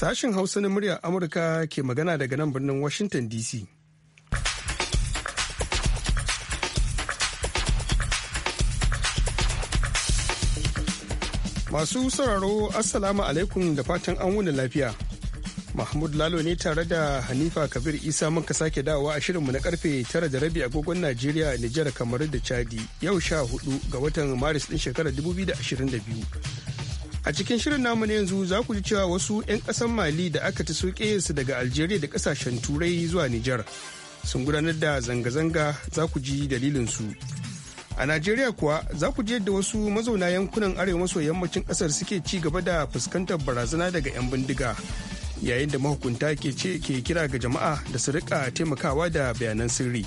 Sashen Hausa na muryar Amurka ke magana daga nan birnin Washington DC. Masu sauraro Assalamu alaikum da fatan an wuni lafiya. Mahmud Lalo ne tare da Hanifa Kabir Isa muka sake dawowa a shirinmu na karfe tara da rabi agogon Najeriya, Nijar, kamar da Chadi yau sha hudu ga watan Maris ɗin shekarar 2022. A cikin shirin namu na yanzu za ku ji cewa wasu 'yan ƙasar Mali da aka ta soke su daga Algeria da ƙasashen Turai zuwa Nijar sun gudanar da zanga-zanga za ku ji su A Najeriya kuwa za ku ji yadda wasu mazauna yankunan arewa maso yammacin ƙasar suke ci gaba da fuskantar barazana daga 'yan bindiga yayin da mahukunta ke ce ke kira ga jama'a da su rika taimakawa da bayanan sirri.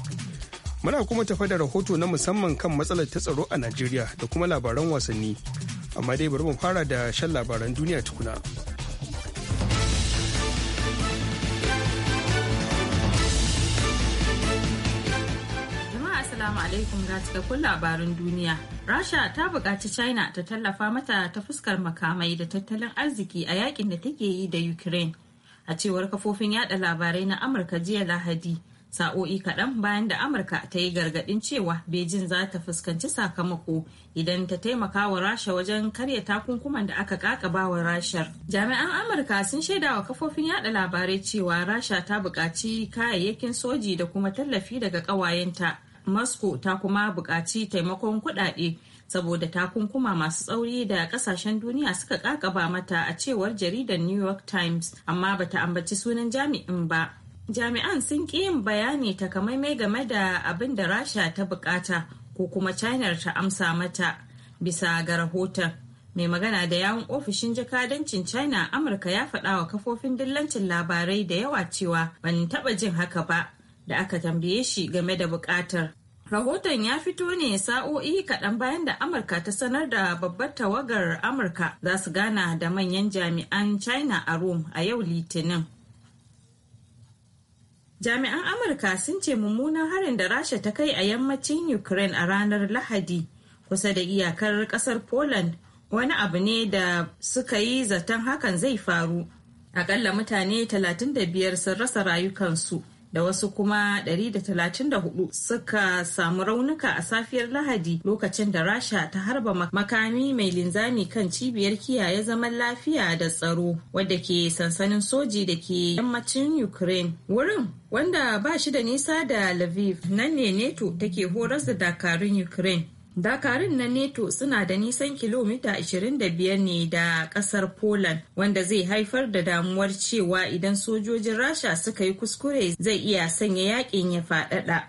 Muna kuma tafa da rahoto na musamman kan matsalar ta tsaro a Najeriya da kuma labaran wasanni. amma dai bari mu fara da shan labaran duniya tukuna. Assalamu alaikum ga cikakkun labarin duniya. Rasha ta buƙaci China ta tallafa mata ta fuskar makamai da tattalin arziki a yakin da take yi da Ukraine. A cewar kafofin yada labarai na Amurka jiya Lahadi, sa'o'i kaɗan bayan da amurka ta yi gargaɗin cewa beijing za ta fuskanci sakamako idan ta taimaka wa rasha wajen karya takunkuman da aka kakaba wa rashar jami'an amurka sun shaida wa kafofin yada labarai cewa rasha ta buƙaci kayayyakin soji da kuma tallafi daga ƙawayenta moscow ta kuma buƙaci taimakon kuɗaɗe saboda takunkuma masu tsauri da kasashen duniya suka kakaba mata a cewar jaridar new york times amma bata ambaci sunan jami'in ba jami'an sun ƙi yin bayani takamaimai game da abin da rasha ta bukata ko kuma china ta amsa mata bisa ga rahoton mai magana da yawun ofishin jakadancin china amurka ya faɗa wa kafofin dillancin labarai da yawa cewa ban taɓa jin haka ba da aka tambaye shi game da buƙatar rahoton ya fito ne sa'o'i kaɗan bayan da amurka ta sanar da babbar tawagar amurka za su gana da manyan jami'an china a rome a yau litinin jami'an amurka sun ce mummunan harin da rasha ta kai a yammacin ukraine a ranar lahadi kusa da iyakar kasar poland wani abu ne da suka yi zaton hakan zai faru akalla mutane 35 sun rasa rayukansu da wasu kuma 134 suka samu raunuka a safiyar lahadi lokacin da rasha ta harba makami mai linzami kan cibiyar kiyaye zaman lafiya da tsaro wadda ke sansanin soji da ke yammacin ukraine wurin wanda ba shi da nisa da lviv nan ne neto take horas da dakarun ukraine dakarun na neto suna da nisan kilomita 25 ne da kasar poland wanda zai haifar da damuwar cewa idan sojojin rasha suka yi kuskure zai iya sanya yakin ya faɗaɗa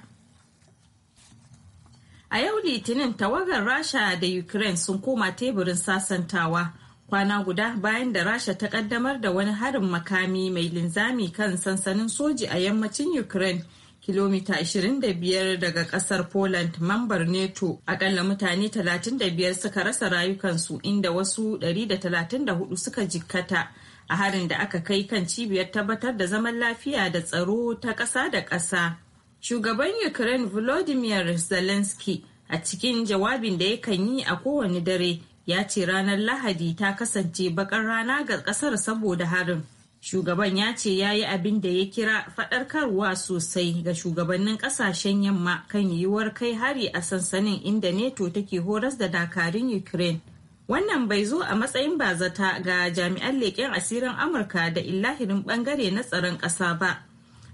a yau litinin tawagar rasha da ukraine sun koma teburin sasantawa kwana guda bayan da rasha ta kaddamar da wani harin makami mai linzami kan sansanin soji a yammacin ukraine kilomita 25 daga kasar Poland mambar NATO akalla mutane 35 suka rasa rayukansu inda wasu 134 suka jikkata a harin da aka kai kan cibiyar tabbatar da zaman lafiya da tsaro ta ƙasa da ƙasa. Shugaban Ukraine Volodymyr Zelensky a cikin jawabin da yakan yi a kowane dare ya ce ranar Lahadi ta kasance bakar rana ga ƙasar saboda harin. shugaban ya ce ya yi abin da ya kira faɗarkarwa sosai ga shugabannin ƙasashen yamma kan yiwuwar kai hari a sansanin inda neto take horas da dakarun ukraine wannan bai zo a matsayin bazata ga jami'an leƙen asirin amurka da illahirin ɓangare na tsaron ƙasa ba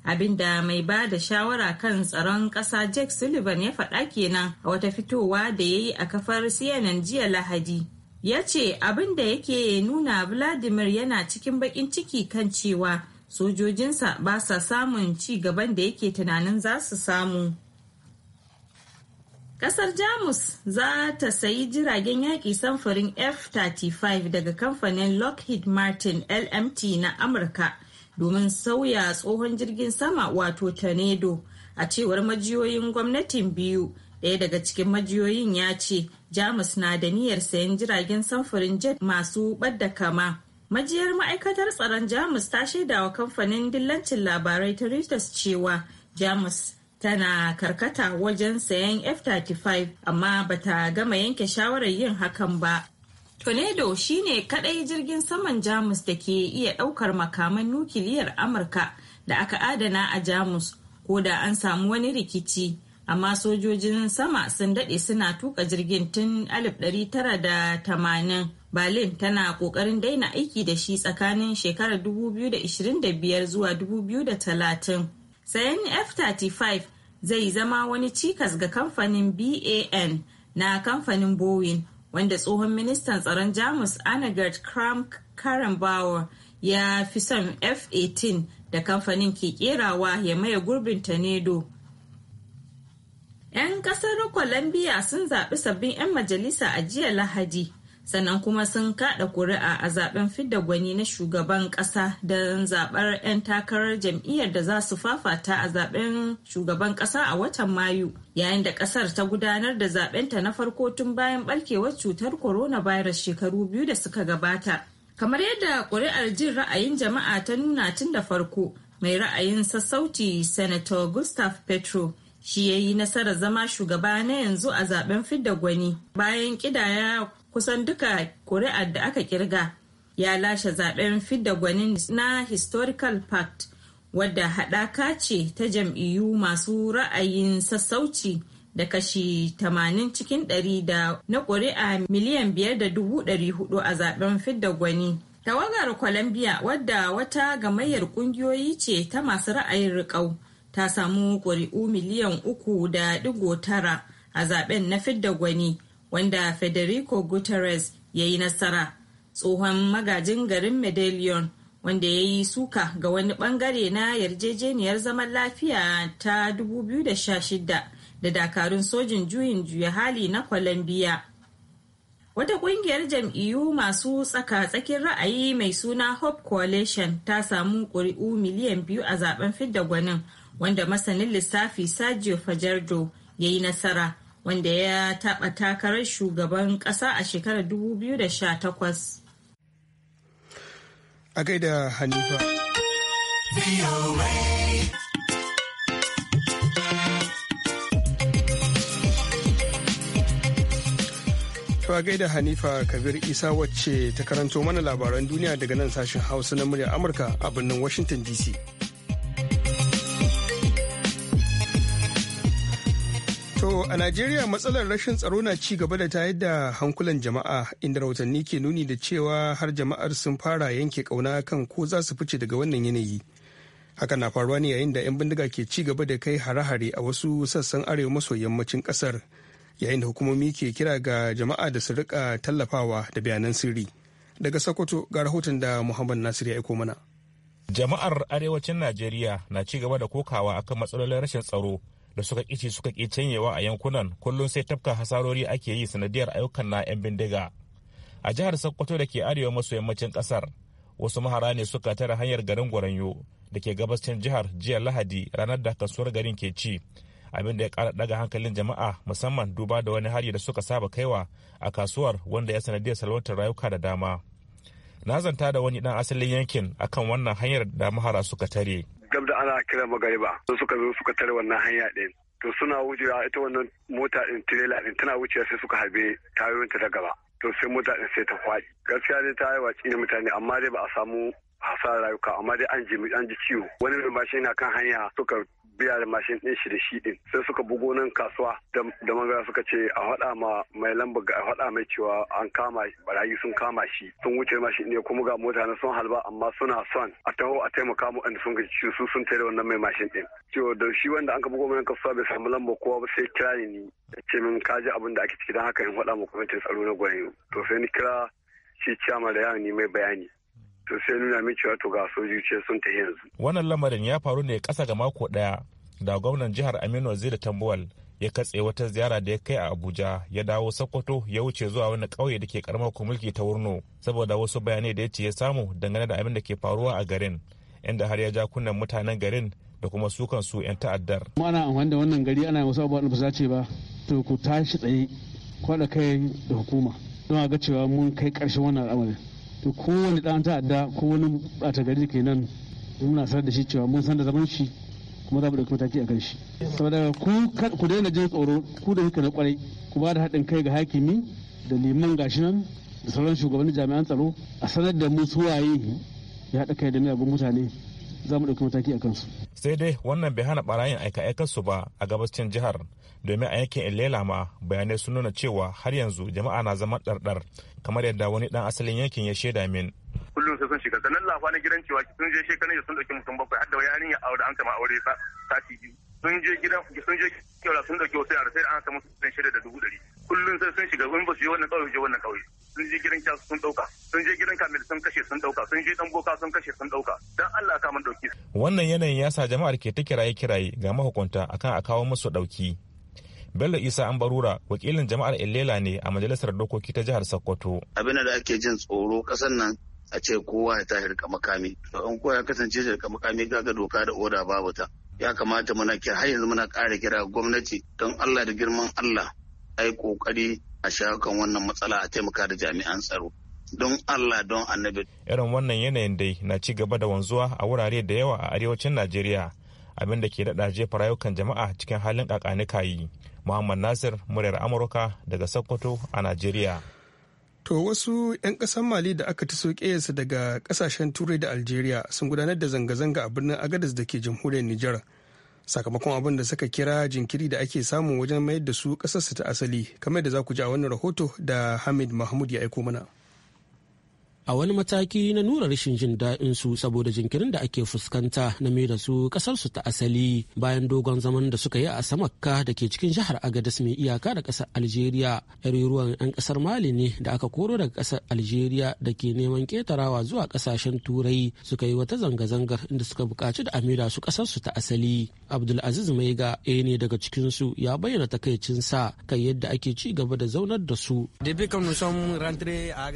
abin da mai ba da shawara kan tsaron ƙasa jake sullivan ya faɗa kenan a wata fitowa da ya yi a kafar cnn jiya lahadi ya ce abin da yake nuna vladimir yana cikin bakin ciki kan cewa sojojinsa ba sa samun ci gaban da yake tunanin za su samu kasar jamus za ta sayi jiragen yaƙi samfurin f-35 daga kamfanin lockheed martin lmt na amurka domin sauya tsohon jirgin sama wato tornado a cewar majiyoyin gwamnatin biyu Daya daga cikin majiyoyin ya ce Jamus na da niyyar sayan jiragen samfurin jet masu ɓadda kama. Majiyar ma'aikatar tsaron Jamus ta shaida wa kamfanin dillancin labarai ta Reuters cewa Jamus tana karkata wajen sayan F-35 amma bata gama yanke shawarar yin hakan ba. Tornado ne kadai jirgin saman Jamus da ke iya ɗaukar makaman nukiliyar Amurka da aka adana a Jamus ko da an samu wani rikici. amma sojojin sama sun daɗe suna tuka jirgin tun 1980 berlin tana ƙoƙarin daina aiki da shi tsakanin shekarar 2025 zuwa 2030 sayan f-35 zai zama wani cikas ga kamfanin ban na kamfanin boeing wanda tsohon ministan tsaron jamus annegret kramp karrenbauer ya fi son f-18 da kamfanin ke kerawa ya maye gurbin tornado 'Yan ƙasar Colombia sun zaɓi sabbin 'yan majalisa a jiya Lahadi, sannan kuma sun kaɗa ƙuri'a a zaɓen fidda gwani na shugaban ƙasa don zaɓar 'yan takarar jam'iyyar da za su fafata a zaɓen shugaban ƙasa a watan Mayu, yayin da ƙasar ta gudanar da zaɓenta na farko tun bayan ɓarkewar cutar coronavirus shekaru biyu da suka gabata. Kamar yadda ƙuri'ar jin ra'ayin jama'a ta nuna tun da farko, mai ra'ayin sassauci Senator Gustav Petro shi ya yi nasarar zama shugaba na yanzu a zaben fidda gwani bayan kidaya kusan duka kuri'ar da aka kirga ya lashe zaben fidda gwani na historical pact wadda haɗaka ce ta jam'iyyu masu ra'ayin sassauci da kashi 80 cikin 100 da na ƙuri'a miliyan 5,400 a zaben fidda gwani. Tawagar Colombia wadda wata gamayyar ƙungiyoyi ce ta masu ra'ayin riƙau ta samu ƙuri'u miliyan uku da digo tara a zaben na fidda gwani wanda Federico Guterres ya yi nasara. Tsohon magajin garin Medellin wanda ya yi suka ga wani bangare na yarjejeniyar zaman lafiya ta 2016 da dakarun sojin juyin juya hali na Colombia. Wata kungiyar jam'iyyu masu tsaka-tsakin ra'ayi mai suna Hope Coalition ta samu ƙuri'u miliyan biyu a zaben fidda gwanin wanda masanin lissafi Sergio Fajardo ya yi nasara wanda ya taɓa takarar shugaban ƙasa a shekarar 2018. A gaida Hanifa. To gaida Hanifa Kabir Isa wacce ta karanto mana labaran duniya daga nan sashen Hausa na murya Amurka a birnin Washington DC. To a Najeriya matsalar rashin tsaro na ci gaba da tayar da hankulan jama'a inda rahotanni ke nuni da cewa har jama'ar sun fara yanke kauna kan ko za su fice daga wannan yanayi. Haka na faruwa ne yayin da 'yan bindiga ke ci gaba da kai hare-hare a wasu sassan arewa maso yammacin kasar yayin da hukumomi ke kira ga jama'a da su rika tallafawa da bayanan sirri. Daga Sokoto ga rahoton da Muhammad Nasir ya aiko mana. Jama'ar arewacin Najeriya na ci gaba da kokawa akan matsalolin rashin tsaro da suka ƙici suka ƙi canyewa a yankunan kullum sai tafka hasarori ake yi sanadiyar ayyukan na 'yan bindiga a jihar sokoto da ke arewa maso yammacin ƙasar wasu mahara ne suka tara hanyar garin gwaranyo da ke gabashin jihar jiya lahadi ranar da kasuwar garin ke ci abin da ya kara daga hankalin jama'a musamman duba da wani hari da suka saba kaiwa a kasuwar wanda ya sanadiyar salwantar rayuka da dama na zanta da wani dan asalin yankin akan wannan hanyar da mahara suka tare dab da ana kira magariba sun suka zo suka tare wannan hanya din to suna wucewa ita wannan mota din tirela din tana wucewa sai suka harbe tayoyinta ta gaba to sai mota din sai ta kwaɗi gaskiya ne ta yi watsi da mutane amma dai ba a samu hasarar rayuka amma dai an jimi an ji ciwo wani mai mashin na kan hanya suka biya da mashin din shi da shi din sai suka bugo nan kasuwa da mangara suka ce a hada ma mai lamba a hada mai cewa an kama barayi sun kama shi sun wuce mashin ne kuma ga mota na sun halba amma suna son a taho a taimaka mu inda sun gaji su sun tare wannan mai mashin din cewa da shi wanda an ka bugo mana kasuwa bai samu lamba kowa ba sai kira ni ce min ka ji abin da ake ciki don haka in hada ma kwamitin tsaro na gwani to sai ni kira shi ciyama da yawon ni mai bayani to sai nuna min cewa to ga sojoji sun ta yanzu wannan lamarin ya faru ne kasa ga mako daya da gwamnan jihar Aminu Waziri Tambuwal ya katse wata ziyara da ya kai a Abuja ya dawo Sokoto ya wuce zuwa wani kauye da ke karamar kumulki ta Wurno saboda wasu bayanai da ya ce ya samu dangane da abin da ke faruwa a garin inda har ya ja kunnen mutanen garin da kuma su kansu 'yan ta'addar. Kuma ana amfani da wannan gari ana wasu abubuwan da ba ce ba to ku tashi tsaye kwada kai da hukuma don a ga cewa mun kai ƙarshen wannan al'amarin. to kowane ɗan ta'adda ko wani ɓata gari kenan muna sanar da shi cewa mun san da zaman shi kuma za mu ɗauki mataki a kan shi saboda ku daina jin tsoro ku da kuka na kwarai ku ba da haɗin kai ga hakimi da liman gashi nan da sauran shugabannin jami'an tsaro a sanar da mu waye ya haɗa kai da miyagun mutane za mu ɗauki mataki a kansu. sai dai wannan bai hana ɓarayin aika-aikarsu ba a gabashin jihar domin a yankin ilela ma bayanai sun nuna cewa har yanzu jama'a na zama ɗarɗar kamar yadda wani ɗan asalin yankin ya shaida min kullum sai sun shiga sannan lafa na gidan cewa sun je shekarun sun ɗauki mutum bakwai har da yarinya aure an kama aure sati biyu sun je gidan sun je kyauta sun ɗauki wasu yara sai da an samu sun shaida da dubu ɗari kullum sai sun shiga wani basu su wannan ƙauye je wannan ƙauye sun je gidan kyasu sun ɗauka sun je gidan kamil sun kashe sun ɗauka sun je ɗan boka sun kashe sun ɗauka dan Allah ka mun ɗauki. wannan yanayin ya sa jama'ar ke ta kiraye kiraye ga mahukunta akan a kawo musu ɗauki. bello isa an barura wakilin jama'ar illela ne a majalisar dokoki ta jihar sokoto abin da ake jin tsoro kasan nan a ce kowa ya tashi rika makami An kowa ya kasance shi rika makami gaga doka da oda babu ta ya kamata muna kira har yanzu muna ƙara kira gwamnati don allah da girman allah a yi ƙoƙari a shawo wannan matsala a taimaka da jami'an tsaro don Allah don annabi. Irin wannan yanayin dai na ci gaba da wanzuwa a wurare da yawa a arewacin Najeriya abin ke daɗa jefa rayukan jama'a cikin halin yi muhammad nasir muryar amurka daga sokoto a najeriya to wasu 'yan ƙasar mali da aka ta su daga ƙasashen turai da algeria sun gudanar da zanga-zanga a birnin agadas da ke jamhuriyar nijar sakamakon abin da suka kira jinkiri da ake samu wajen mayar da su ƙasarsu ta asali kamar da za ku ji a wannan rahoto da hamid mahmud ya aiko mana a wani mataki na nura rashin jin daɗin su saboda jinkirin da ake fuskanta na mai da su ƙasarsu ta asali bayan dogon zaman da suka yi a samakka da ke cikin jihar agadas mai iyaka da ƙasar algeria ruwan 'yan ƙasar mali ne da aka koro daga ƙasar algeria da ke neman ƙetarawa zuwa ƙasashen turai suka yi wata zanga-zangar inda suka buƙaci da amira su ƙasarsu ta asali abdulaziz maiga ɗaya ne daga cikinsu ya bayyana takaicinsa kan yadda ake ci gaba da zaunar da su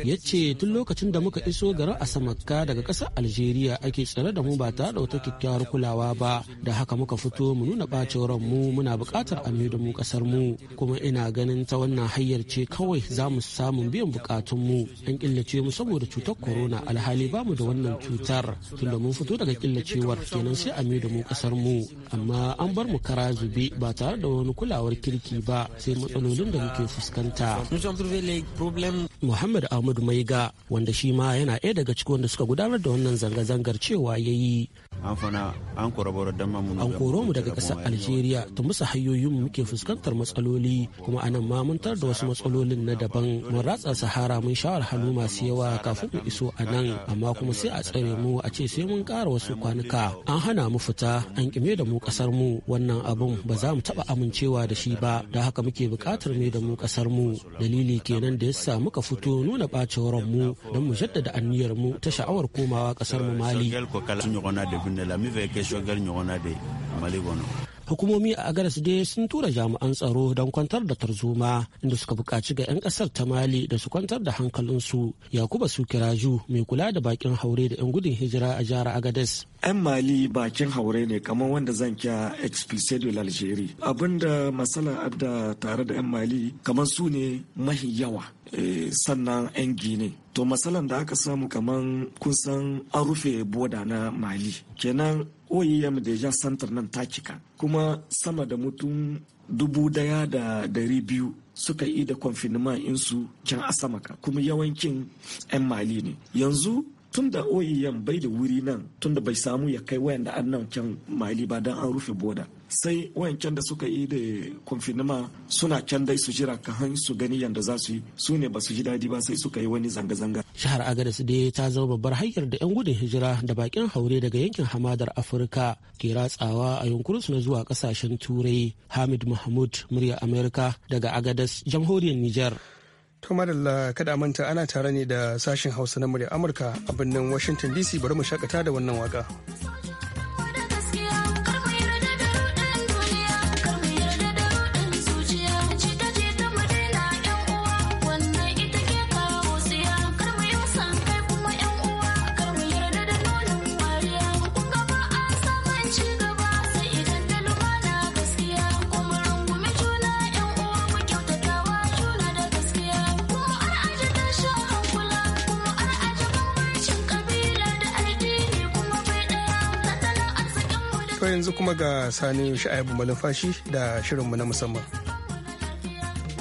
ya ce tun lokacin da muka iso garin Asamakka daga ƙasar Algeria ake tsare da mu ba tare da wata kyakkyawar kulawa ba da haka muka fito mu nuna ran mu muna buƙatar a da mu ƙasar mu kuma ina ganin ta wannan hanyar ce kawai za mu samu biyan buƙatun mu an killace mu saboda cutar corona alhali ba mu da wannan cutar tun da mun fito daga killacewar kenan sai a da mu ƙasar mu amma an bar mu kara zube ba tare da wani kulawar kirki ba sai matsalolin da muke fuskanta. muhammad ahmadu maiga wanda shi ma yana ɗaya daga cikin wanda suka gudanar da wannan zanga-zangar cewa ya yi an fana an koro mu daga kasar algeria ta musa hanyoyin muke fuskantar matsaloli kuma anan ma mun tar da wasu matsalolin na daban mun ratsa sahara mun sha wahalhalu masu yawa kafin mu iso a nan amma kuma sai a tsare mu a ce sai mun kara wasu kwanuka an hana mu fita an kime da mu ƙasar mu wannan abun ba za mu taba amincewa da shi ba da haka muke buƙatar ne da mu ƙasar mu dalili kenan da yasa muka fito nuna bacewar mu don mu jaddada anniyar mu ta sha'awar komawa kasar mu mali kun la min fɛ kɛ ɲɔgɔnna de mali kɔnɔ hukumomi a agadas dai sun tura jami'an tsaro don kwantar da tarzoma inda suka bukaci ga 'yan ƙasar ta mali da su kwantar da hankalinsu yakuba kiraju mai kula da bakin haure da 'yan gudun hijira a jihar agadas 'yan mali bakin haure ne kamar wanda zan kya explicedo algeri abinda masala da tare da 'yan mali kamar su ne mahi yawa eh, sannan 'yan gine to masalan da aka samu kamar kun san an rufe boda na mali kenan oem deja santar nan ta cika kuma sama da mutum dubu daya da dari biyu suka yi da in su can asamaka kuma yawancin 'yan mali ne yanzu tun da oem bai da wuri nan tun da bai samu ya kai wayan da an nan can mali ba don an rufe boda sai wayancan da suka yi da kumfinima suna can dai su jira kahan su gani yadda za su yi su ne ba su ji daɗi ba sai suka yi wani zanga-zanga. Shahar Agadas dai ta zama babbar hanyar da 'yan gudun hijira da bakin haure daga yankin hamadar Afirka ke ratsawa a su na zuwa kasashen Turai. Hamid Mahmud murya Amerika daga Agadas jamhuriyar Nijar. To madalla kada manta ana tare ne da sashen Hausa na murya Amurka a birnin Washington DC bari mu shakata da wannan waka. kuma ga sani sha'ibu malumfashi da shirinmu na musamman.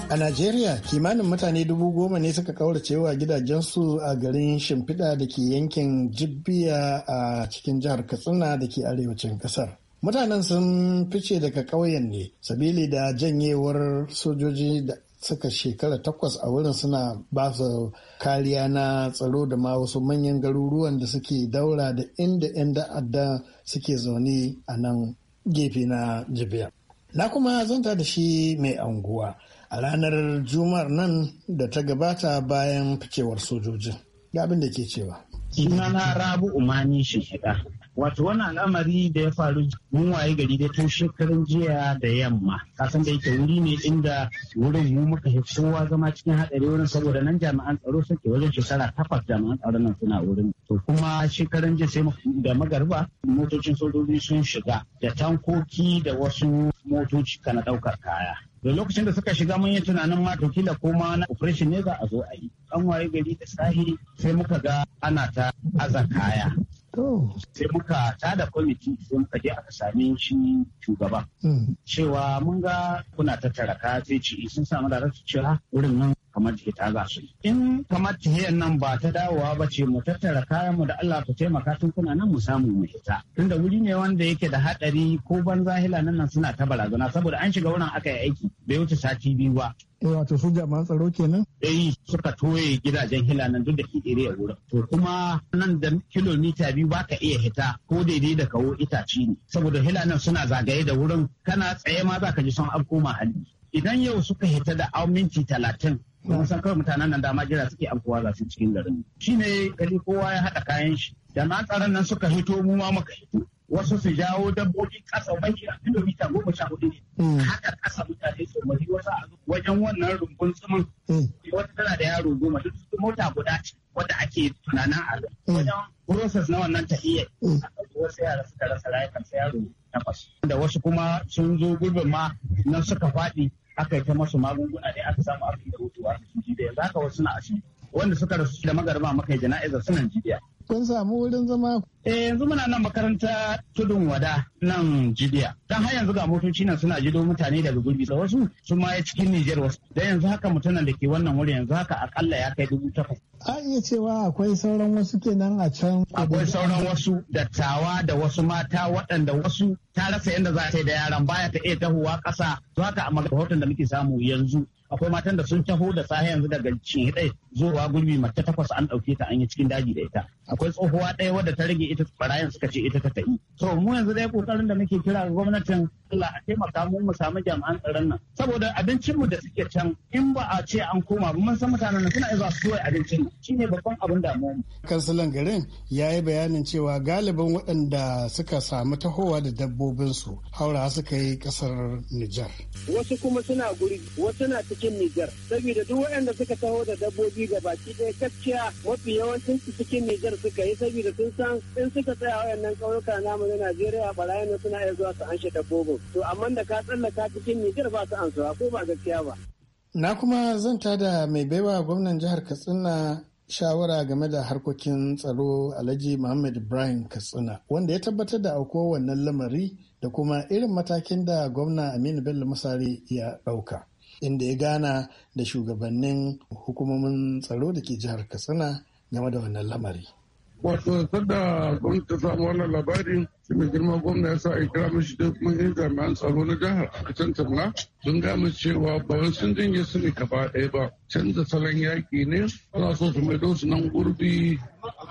A Najeriya kimanin mutane dubu goma ne suka cewa gidajensu a garin Shimfiɗa da ke yankin Jibbiya a cikin jihar Katsina da ke arewacin ƙasar. Mutanen sun fice daga ƙauyen ne, sabili da janyewar sojoji da suka shekara takwas a wurin suna ba su kariya na tsaro da ma wasu manyan garuruwan da suke daura da inda 'yan da'adda suke zaune a nan gefe na jibiya. Na kuma zanta da shi mai anguwa a ranar juma'ar nan da ta gabata bayan ficewar sojojin. Ga abin da ke cewa. Sunana Rabu Umani Shishida. wato wannan al'amari da ya faru mun waye gari da tun shekarun jiya da yamma kasan da yake wuri ne inda wurin mu muka fi kowa zama cikin hadari wurin saboda nan jami'an tsaro suke wajen shekara takwas jami'an tsaro nan suna wurin to kuma shekarun jiya sai da magarba motocin sojoji sun shiga da tankoki da wasu motoci kana daukar kaya da lokacin da suka shiga mun yi tunanin ma to kila ko ma na operation ne za a zo a yi an waye gari da sahi sai muka ga ana ta aza kaya Sai muka tada kwamiti sai muka je aka sami shi shugaba. Mm. Cewa mun ga kuna tattara ka sai ce eh, sun samu da cewa wurin nan kamar ta za su in kamar tahiyar nan ba ta dawowa ba ce mu tattara kayan mu da Allah ta taimaka tun kuna nan mu samu mu fita tunda wuri ne wanda yake da hadari ko banza hila nan nan suna ta barazana saboda an shiga wurin aka yi aiki bai wuce sati biyu ba Eh wato su jama'an tsaro kenan? Eh suka toye gidajen hila nan duk da ke iri wurin. To kuma nan da kilomita biyu ba ka iya hita ko daidai da kawo itace ne. Saboda hila nan suna zagaye da wurin kana tsaye ma za ka ji son afko hali. Idan yau suka hita da minti talatin domin san kawai mutanen nan dama jira suke amfuwa za su cikin garin Shi ne gari kowa ya haɗa kayan shi Da na tsaron nan suka hito mu ma muka hito wasu su jawo dabbobi ƙasa mai a mita goma sha hudu ne hmm. haka ƙasa mutane su mari wasu a wajen wannan rumbun tsumin hmm. wata tana da yaro goma duk mota guda ce wadda ake tunanin a hmm. wajen process na wannan tahiyyar wasu yara suka rasa rayukan yaro takwas da wasu kuma sun zo gurbin ma nan suka faɗi aka yi ta masu magunguna ne aka samu aka yi da wutuwa da yanzu haka wasu na ashe wanda suka rasu da magarba maka yi jana'izar sunan jibiya kun samu wurin zama? Eh yanzu muna nan makaranta tudun wada nan jibiya. Dan har yanzu ga motoci na suna jido mutane daga gurbi da wasu su ma cikin Nijar wasu. Dan yanzu haka mutanen da ke wannan wuri yanzu haka akalla ya kai dubu takwas. A iya cewa akwai sauran wasu kenan a can. Akwai sauran wasu dattawa da wasu mata waɗanda wasu ta rasa yadda za ta yi da yaran baya ta iya tahowa ƙasa. Zuwa ka a rahoton da muke samu yanzu akwai matan da sun taho da sahi yanzu daga cihidai zowa gurbi mace takwas an ɗauke ta an yi cikin daji da ita akwai tsohuwa ɗaya wadda ta rage ita barayin suka ce ita ta ta'i to mu yanzu dai kokarin da muke kira ga gwamnatin Allah a taimaka mu mu samu jami'an tsaron nan saboda abincin mu da suke can in ba a ce an koma ba mun san mutanen nan suna zuwa su abincin shine babban abin damuwa kansilan garin yayi bayanin cewa galibin waɗanda suka samu tahowa da dabbobin su haura suka yi ƙasar Nijar wasu kuma suna guri wasu na cikin Nijar saboda duk waɗanda suka taho da dabbobi mulki da baki ɗaya gaskiya mafi yawancin su cikin Nijar suka yi saboda sun san in suka tsaya a wayannan ƙauyuka namu na Najeriya barayin suna iya zuwa su anshe dabbobin. To amma da ka tsallaka cikin Nijar ba su ansuwa ko ba gaskiya ba. Na kuma zan tada mai baiwa gwamnan jihar Katsina shawara game da harkokin tsaro Alhaji Muhammad Ibrahim Katsina wanda ya tabbatar da auko wannan lamari da kuma irin matakin da gwamna Aminu Bello Musari ya ɗauka. inda ya gana da shugabannin hukumomin tsaro da ke jihar katsina game da wannan lamari wato sadda gwamnati ta samu wannan labari shi mai girma gwamna ya sa a kira mishi da kuma yin jami'an tsaro na jihar a can tamla sun gama cewa ba wani sun jinge su ne gaba ɗaya ba canza salon yaƙi ne ana so su mai su nan gurbi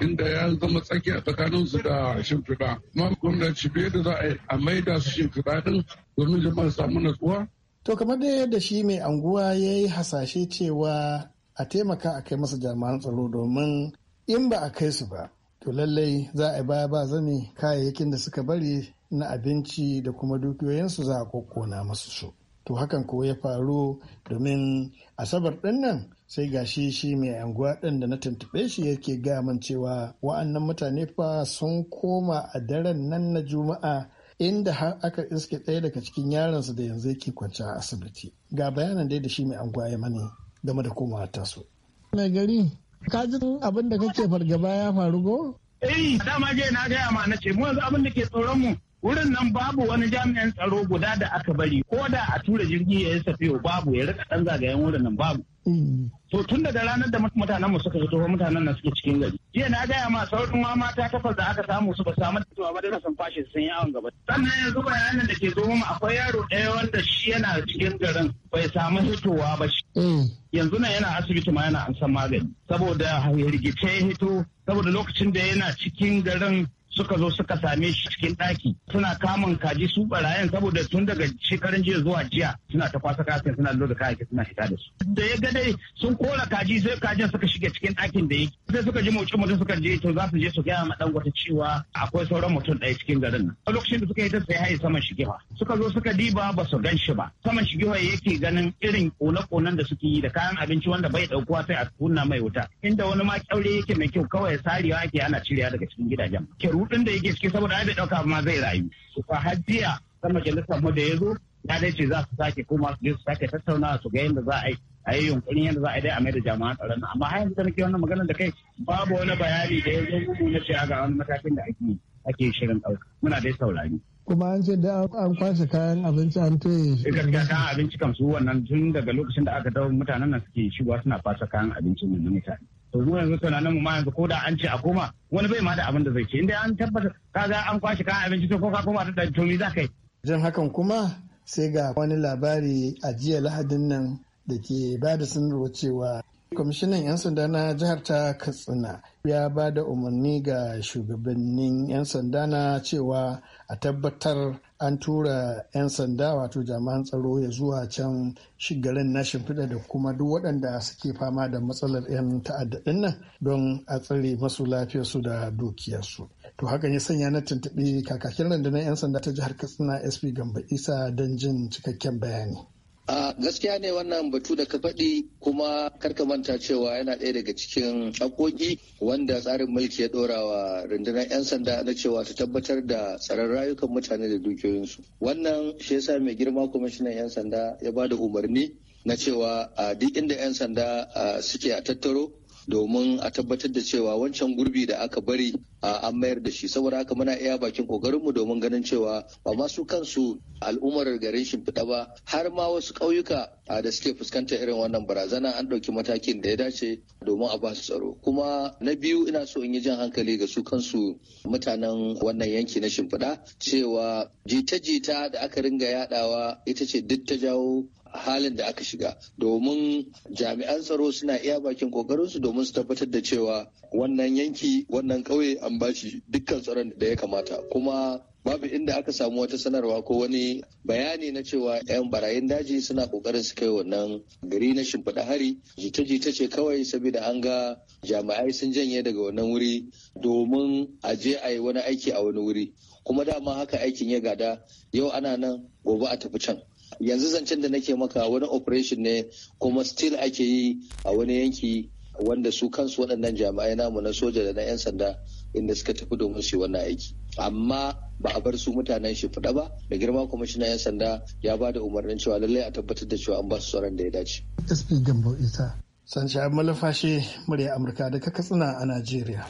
inda ya zama tsaki a tsakanin su da shimfiɗa kuma gwamnati fiye da za a maida su shimfiɗa ɗin domin jama'a samu natsuwa To kamar da yadda shi mai anguwa ya yi hasashe cewa a taimaka a kai masa jami'an tsaro domin in ba a kai su ba to lallai za a baya ba zane kayayyakin da suka bari na abinci da kuma dukiyoyinsu za a kokona masu su. To hakan ko ya faru domin asabar ɗinnan, sai gashi shi mai anguwa ɗin da na tuntuɓe shi yake gaman cewa wa'annan mutane fa sun koma a daren nan na juma'a inda har aka iske ɗaya daga cikin yaransu da yanzu yake kwanci a asibiti ga bayanan dai da shi mai angwaye mani game da komawa taso. mai gari ka ji abin da kake fargaba ya faru go? eh dama je na gaya ma na ce mu yanzu abin da ke tsoron mu wurin nan babu wani jami'an tsaro guda da aka bari ko da a tura jirgi ya yi safiyo babu ya rika dan zagayen wurin nan babu mm. to tun daga ranar da mutanen mu suka fito mutanen nan suke cikin gari jiya na gaya ma sauran ma mata takwas da aka samu su ba samu fitowa ba da rasan fashe sun yi awon gaba sannan yanzu bayanin da ke zo mu akwai yaro ɗaya wanda shi yana cikin garin bai samu hitowa ba shi mm. yanzu nan yana asibiti ma yana an san magani saboda ya rigice hito saboda lokacin da yana cikin garin suka zo suka same shi cikin daki. suna kamun kaji su barayan saboda tun daga shekaran jiya zuwa jiya suna ta kwasa kasin suna da kayayyaki suna fita da su da ya ga dai sun kora kaji sai kajin suka shiga cikin ɗakin da yake sai suka ji motsi mutum suka je to za su je su gaya ma dan cewa akwai sauran mutum ɗaya cikin garin nan a lokacin da suka yi ta sai haye saman shigewa suka zo suka diba ba su gan shi ba saman shigewa yake ganin irin kone konan da suke yi da kayan abinci wanda bai ɗaukuwa sai a kunna mai wuta inda wani ma kyaure yake mai kyau kawai sarewa ake ana cirewa daga cikin gidajen rudin da yake ciki saboda ai bai dauka ma zai rayu ba har jiya san majalisar mu da yazo ya dai ce za su sake koma su je su sake tattauna su ga yadda za a yi a yi yunkurin yadda za a yi dai a mai da jama'a tsaron amma har yanzu da nake wannan maganar da kai babu wani bayani da ya zo gudu na ce ga wani matakin da ake ake shirin ɗauka muna dai saurari. kuma an ce da an kwashe kayan abinci an toye shi. Eh, gaskiya kayan abinci kam su wannan tun daga lokacin da aka dawo mutanen nan suke shigowa suna fasa kayan abinci ne mutane. to mu yanzu tunanin mu ma yanzu ko da an ce a koma wani bai ma da abin da zai ce inda an tabbata kaga an kwashi kayan abinci to ko ka koma da to me za ka yi jin hakan kuma sai ga wani labari a jiya lahadin nan da ke ba da sanarwa cewa kwamishinan 'yan sanda na jihar ta katsina ya ba da umarni ga shugabannin 'yan sanda na cewa a tabbatar an tura 'yan sanda wato jami'an tsaro ya zuwa can shigarin na shimfiɗa da kuma duk waɗanda suke fama da matsalar 'yan ta'adda nan don a tsare masu lafiyarsu da dukiyarsu to hakan ya sanya na tuntuɓi kakakin rundunar 'yan sanda ta jihar katsina sp Gambo isa don jin cikakken bayani A gaskiya ne wannan batu da ka faɗi kuma karka manta cewa yana ɗaya daga cikin haƙoƙi wanda tsarin mulki ya ɗora wa rundunar 'yan sanda na cewa ta tabbatar da tsaron rayukan mutane da dukiyoyinsu. Wannan shi yasa mai girma kwamishinan 'yan sanda ya ba da umarni na cewa a duk inda 'yan sanda suke a tattaro domin a tabbatar da cewa wancan gurbi da aka bari an mayar da shi saboda haka muna iya bakin kokarinmu domin ganin cewa ba ma su kansu al'ummar garin shimfiɗa ba har ma wasu ƙauyuka da suke fuskantar irin wannan barazana an ɗauki matakin da ya dace domin a ba su tsaro kuma na biyu ina so in yi jan hankali ga su kansu mutanen wannan yanki na shimfiɗa cewa jita-jita da aka ringa yaɗawa ita ce duk ta jawo halin da aka shiga domin jami'an tsaro suna iya bakin kokarinsu domin su tabbatar da cewa wannan yanki wannan ƙauye an bashi dukkan tsaron da ya kamata kuma babu inda aka samu wata sanarwa ko wani bayani na cewa 'yan barayin daji suna kokarin su kai wannan gari na shimfiɗa hari jita-jita ce kawai saboda an ga jami'ai sun janye daga wannan wuri domin a je a yi wani aiki a wani wuri kuma dama haka aikin ya gada yau ana nan gobe a tafi can yanzu zancen da nake maka wani operation ne kuma still ake yi a wani yanki wanda su kansu waɗannan jami'ai namu na soja da na 'yan sanda inda suka tafi domin su wannan aiki amma ba a bar su mutanen shi fada ba da girma kwamishinan 'yan sanda ya ba da umarnin cewa lallai a tabbatar da cewa an ba su tsoron da ya dace. sp gambo isa sanshi malafashe murya amurka da katsina a najeriya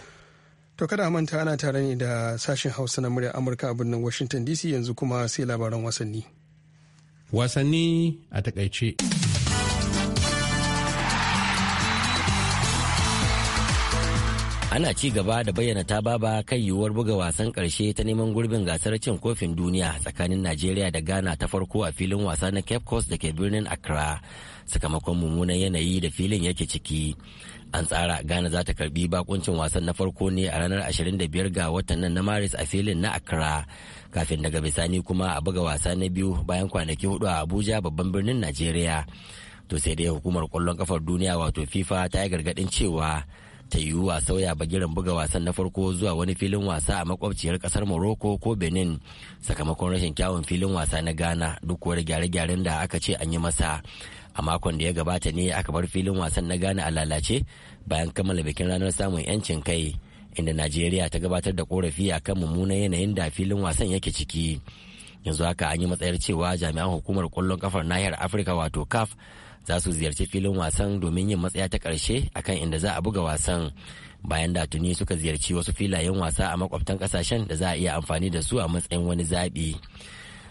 to kada manta ana tare ne da sashen hausa na murya amurka a birnin washington dc yanzu kuma sai labaran wasanni. wasanni a takaice. ana ci gaba da bayyana ta baba kan yiwuwar buga wasan karshe ta neman gurbin gasar cin kofin duniya tsakanin najeriya da ghana ta farko a filin wasa na cape coast da ke birnin accra sakamakon mummunan yanayi da filin yake ciki an tsara ghana za ta karbi bakuncin wasan na farko ne a ranar 25 ga watan nan na maris a filin na accra kafin daga bisani kuma a buga wasa na biyu bayan kwanaki hudu a abuja babban birnin najeriya to sai dai hukumar kwallon kafar duniya wato fifa ta yi gargadin cewa ta yiwu a sauya bagiran buga wasan na farko zuwa wani filin wasa a makwabciyar kasar morocco ko benin sakamakon rashin kyawun filin wasa na ghana duk kuwa gyare-gyaren da aka ce an yi masa a makon da ya gabata ne aka bar filin wasan na ghana a lalace bayan kammala bikin ranar samun 'yancin kai inda najeriya ta gabatar da korafi a kan mummunan yanayin da filin wasan yake ciki yanzu haka an yi matsayar cewa jami'an hukumar kwallon kafar nahiyar afirka wato caf za su ziyarci filin wasan domin yin matsaya ta ƙarshe akan inda za a buga wasan bayan da tuni suka ziyarci wasu filayen wasa a makwabtan kasashen da za a iya amfani da su a matsayin wani zaɓi.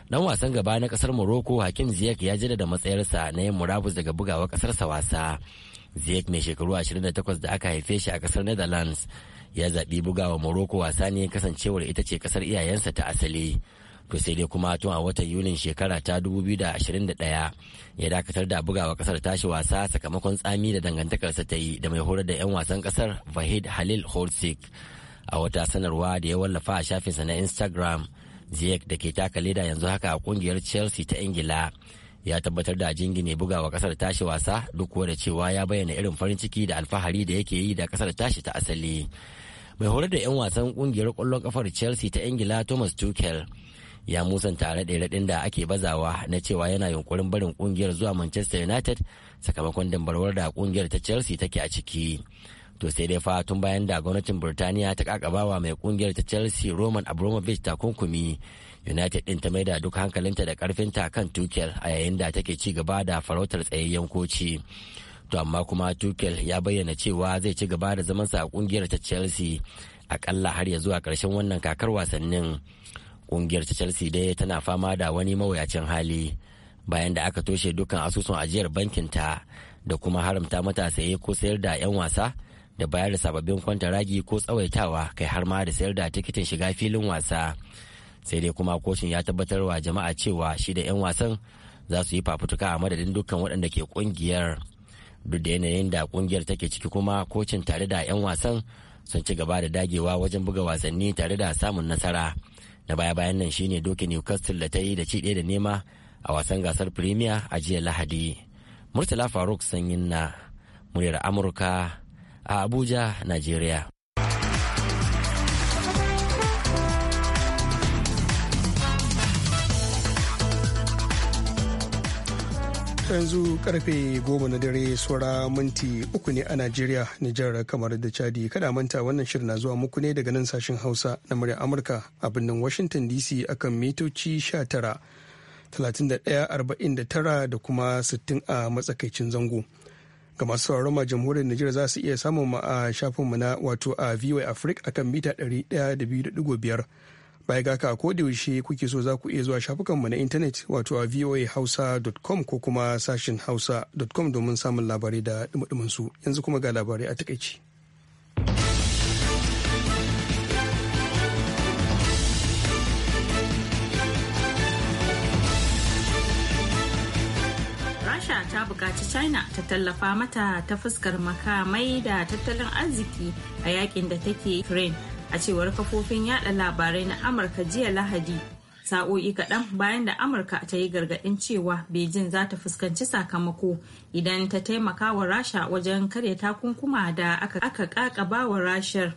Dan wasan gaba na kasar Morocco Hakim Ziyech ya jaddada matsayarsa na yin murabus daga bugawa kasarsa wasa. Ziyech mai shekaru 28 da aka haife shi a kasar Netherlands ya zaɓi bugawa Morocco wasa ne kasancewar ita ce kasar iyayensa ta asali. to sai dai kuma tun a watan yunin shekara ta 2021 ya dakatar da bugawa kasar tashi wasa sakamakon tsami da dangantakarsa ta yi da mai horar da 'yan wasan kasar vahid halil holsik a wata sanarwa da ya wallafa a shafinsa na instagram ziyek da ke taka leda yanzu haka a kungiyar chelsea ta ingila ya tabbatar da jingine bugawa kasar tashi wasa duk da cewa ya bayyana irin farin ciki da alfahari da yake yi da kasar tashi ta asali mai horar da 'yan wasan kungiyar kwallon kafar chelsea ta ingila thomas tuchel ya musanta raɗe-raɗin da ake bazawa na cewa yana yunkurin barin ƙungiyar zuwa manchester united sakamakon dambarwar da ƙungiyar ta chelsea take a ciki to sai dai fa tun bayan da gwamnatin burtaniya ta kakabawa mai ƙungiyar ta chelsea roman abramovich takunkumi united din ta mai da duk hankalinta da karfinta kan tukel a yayin da take ci gaba da farautar tsayayyen koci to amma kuma tukel ya bayyana cewa zai ci gaba da zamansa a kungiyar ta chelsea akalla har ya zuwa karshen wannan kakar wasannin ƙungiyar ta chelsea dai tana fama da wani mawuyacin hali bayan da aka toshe dukkan asusun ajiyar bankin ta da kuma haramta mata saye ko sayar da 'yan wasa da bayar da sababbin kwanta ragi ko tsawaitawa kai har ma da sayar da tikitin shiga filin wasa sai dai kuma kocin ya tabbatar wa jama'a cewa shi da 'yan wasan za su yi fafutuka a madadin dukkan waɗanda ke kungiyar duk da yanayin da kungiyar take ciki kuma kocin tare da 'yan wasan sun ci gaba da dagewa wajen buga wasanni tare da samun nasara. na baya-bayan nan shine doke newcastle da ta yi da ci ɗaya da nema a wasan gasar premier a jiya lahadi murtala faruk sanyin na muryar amurka a abuja nigeria yanzu karfe goma na dare saura minti uku ne a najeriya nijar kamar da chadi kada manta wannan shirin na zuwa muku ne daga nan sashen hausa na murya amurka a birnin washington dc akan mitoci 19 31 da kuma 60 a matsakaicin zango ga masu sauraron ma jamhuriyar Nijar za su iya samun mu a shafinmu na wato a VOA Africa akan mita biyar baya ga ka ko da yaushe kuke so za ku iya zuwa shafukanmu na intanet wato a voahausa.com ko kuma sashin hausa.com domin samun labarai da dumudumin yanzu kuma ga labarai a takaici. Rasha ta bukaci China ta tallafa mata ta fuskar makamai da tattalin arziki a yakin da take Ukraine. a cewar kafofin yada labarai na amurka jiya lahadi sa'o'i kaɗan bayan da amurka ta yi gargaɗin cewa beijing za ta fuskanci sakamako idan ta taimaka wa rasha wajen karya takunkuma da aka ƙaƙaba wa rashar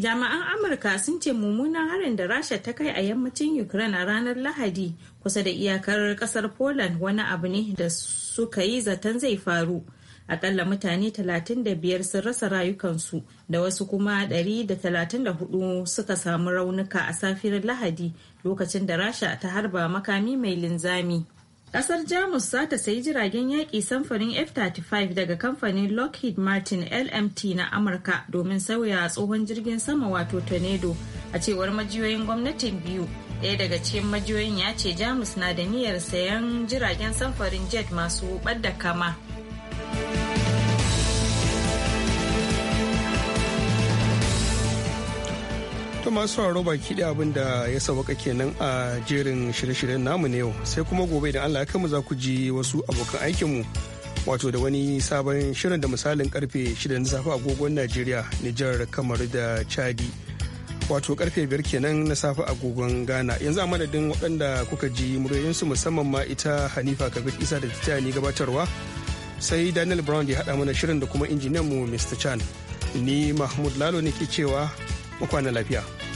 jami'an amurka sun ce mummunan harin da rasha ta kai a yammacin ukraine a ranar lahadi kusa da iyakar kasar poland wani abu ne da suka yi zaton zai faru akalla mutane 35 sun rasa rayukansu da wasu kuma 134 suka samu raunuka a safiyar lahadi lokacin da rasha ta harba makami mai linzami Kasar Jamus za ta sayi jiragen yaƙi samfurin F-35 daga kamfanin Lockheed Martin LMT na Amurka domin sauya tsohon jirgin sama wato Tornado a cewar majiyoyin gwamnatin biyu. Ɗaya daga cikin majiyoyin ya ce Jamus na da niyyar sayan jiragen samfurin jet masu da kama To masu sauraro baki da abin da ya sauka kenan a jerin shirye-shiryen namu ne yau sai kuma gobe da Allah ya mu za ku ji wasu abokan aikinmu wato da wani sabon shirin da misalin karfe 6 na safe agogon Najeriya, Nijar, kamar da Chadi. Wato karfe 5 kenan na safe agogon Ghana. Yanzu a madadin waɗanda kuka ji muryoyinsu musamman ma ita Hanifa Kabir Isa da ta gabatarwa. sai daniel brown ya haɗa mana shirin da kuma injiniyanmu mr chan ni mahmud lalo ne ke cewa kwana lafiya